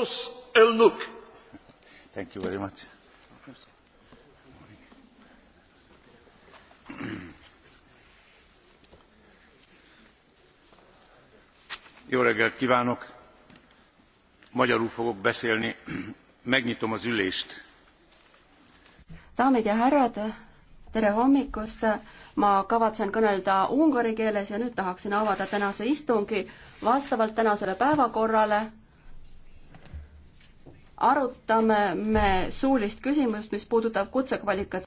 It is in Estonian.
Os Elnuk. Thank you very much. Jó reggelt kívánok! Magyarul fogok beszélni. Megnyitom az ülést. Daamid ja härrad, tere hommikust! ma kavatsen kõnelda ungari keeles ja nüüd tahaksin avada tänase istungi vastavalt tänasele päevakorrale arutame me suulist küsimust, mis puudutab kutsekvalikat-.